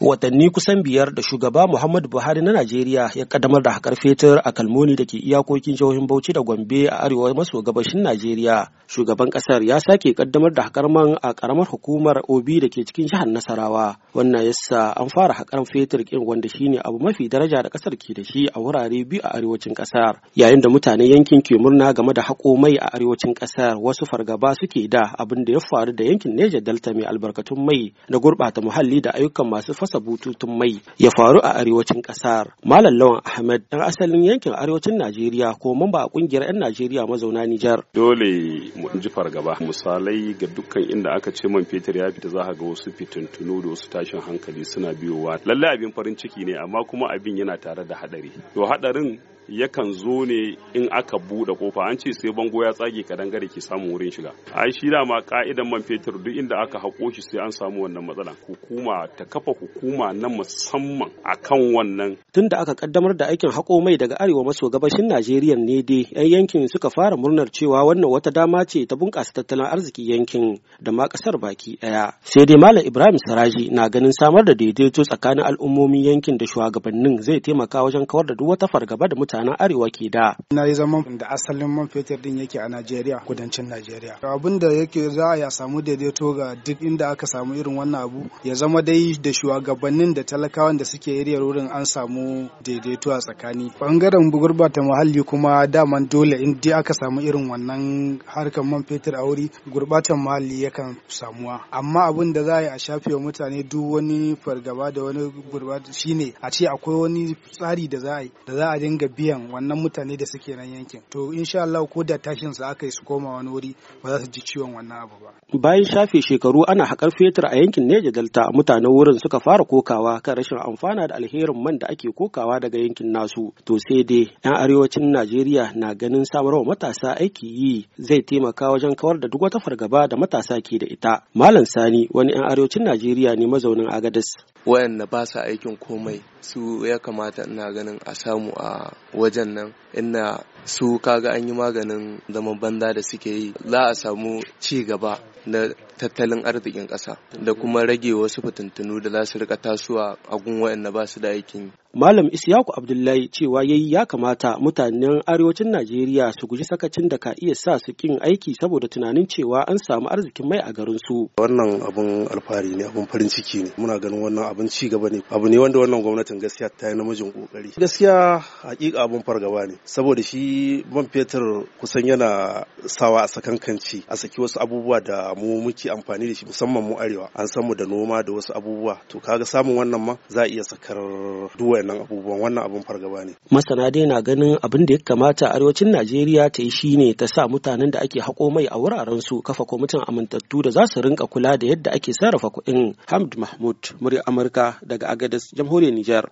watanni kusan biyar da shugaba Muhammadu Buhari na Najeriya ya kaddamar da hakar fetur a Kalmoni da ke iyakokin jihohin Bauchi da Gombe a arewa maso gabashin Najeriya. Shugaban ƙasar ya sake kaddamar da hakar man a karamar hukumar Obi da ke cikin jihar Nasarawa. Wannan yasa an fara hakar fetur kin wanda shine abu mafi daraja da kasar ke da shi a wurare biyu a arewacin ƙasar. Yayin da mutane yankin ke murna game da hako mai a arewacin ƙasar, wasu fargaba suke da abin da ya faru da yankin Neja Delta mai albarkatun mai da gurɓata muhalli da ayyukan masu fasa bututun mai ya faru a arewacin kasar. Malam Lawan Ahmed dan asalin yankin arewacin Najeriya ko mamba a kungiyar 'yan Najeriya mazauna Nijar. Dole mu ji fargaba misalai ga dukkan inda aka ce man fetur ya fita za ga wasu fitintunu da wasu tashin hankali suna biyowa. Lallai abin farin ciki ne amma kuma abin yana tare da hadari. To hadarin yakan zo ne in aka buɗe kofa an ce sai bango ya tsage ka gare ke samun wurin shiga ai shi ma ka'idan man fetur duk inda aka haƙo shi sai an samu wannan matsala hukuma ta kafa hukuma na musamman akan wannan tunda aka kaddamar da aikin hako mai daga arewa maso gabashin Najeriya ne dai yan yankin suka fara murnar cewa wannan wata dama ce ta bunƙasa tattalin arziki yankin da ma ƙasar baki ɗaya sai dai malam Ibrahim Saraji na ganin samar da daidaito tsakanin al'ummomin yankin da shugabannin zai taimaka wajen kawar da duk wata fargaba da mutane mutanen arewa ke da. Na yi zaman da asalin man fetur din yake a Najeriya kudancin Najeriya. Abin da yake za a samu daidaito ga duk inda aka samu irin wannan abu ya zama dai da shugabannin da talakawan da suke iri wurin an samu daidaito a tsakani. Bangaren gurbata muhalli kuma daman dole in dai aka samu irin wannan harkar man fetur a wuri gurbatan muhalli yakan samuwa. Amma abin da za a yi a shafe mutane duk wani fargaba da wani gurbata shine a ce akwai wani tsari da za a yi da za a dinga biya biyan wannan mutane da suke nan yankin to insha Allah ko da tashin su aka yi su koma wani wuri ba za su ji ciwon wannan abu ba bayan shafe shekaru ana haƙar fetur a yankin Neja Delta mutanen wurin suka fara kokawa kan rashin amfana da alherin man da ake kokawa daga yankin nasu to sai dai yan arewacin Najeriya na ganin samarwa matasa aiki yi zai taimaka wajen kawar da duk wata fargaba da matasa ke da ita malam Sani wani yan arewacin Najeriya ne mazaunin Agadez wayanda ba sa aikin komai su ya kamata ina ganin a samu a wajen nan ina su kaga an yi maganin zaman banda da suke yi za a samu ci gaba na tattalin arzikin ƙasa da kuma rage wasu fitintunu da za su rika tasowa a gun na ba su da aikin yi. Malam Isiyaku Abdullahi cewa yayi ya kamata mutanen arewacin Najeriya su guji sakacin da ka iya sa su kin aiki saboda tunanin cewa an samu arzikin mai a garin su. Wannan abun alfahari ne abun farin ciki ne muna ganin wannan abun ci gaba ne abu ne wanda wannan gwamnatin gaskiya ta yi namijin kokari. Gaskiya hakika abun fargaba ne saboda shi man fetur kusan yana sawa a sakankanci a saki wasu abubuwa da mu muke amfani da shi musamman mu arewa an samu da noma da wasu abubuwa to kaga samun wannan ma za a iya sakar duwa wayannan abubuwan wannan abun fargaba ne masana dai na ganin abin da ya kamata arewacin najeriya ta yi shine ta sa mutanen da ake hako mai a wuraren su kafa kwamitin amintattu da za su rinka kula da yadda ake sarrafa kuɗin hamd mahmud murya amurka daga agadez jamhuriyar nijar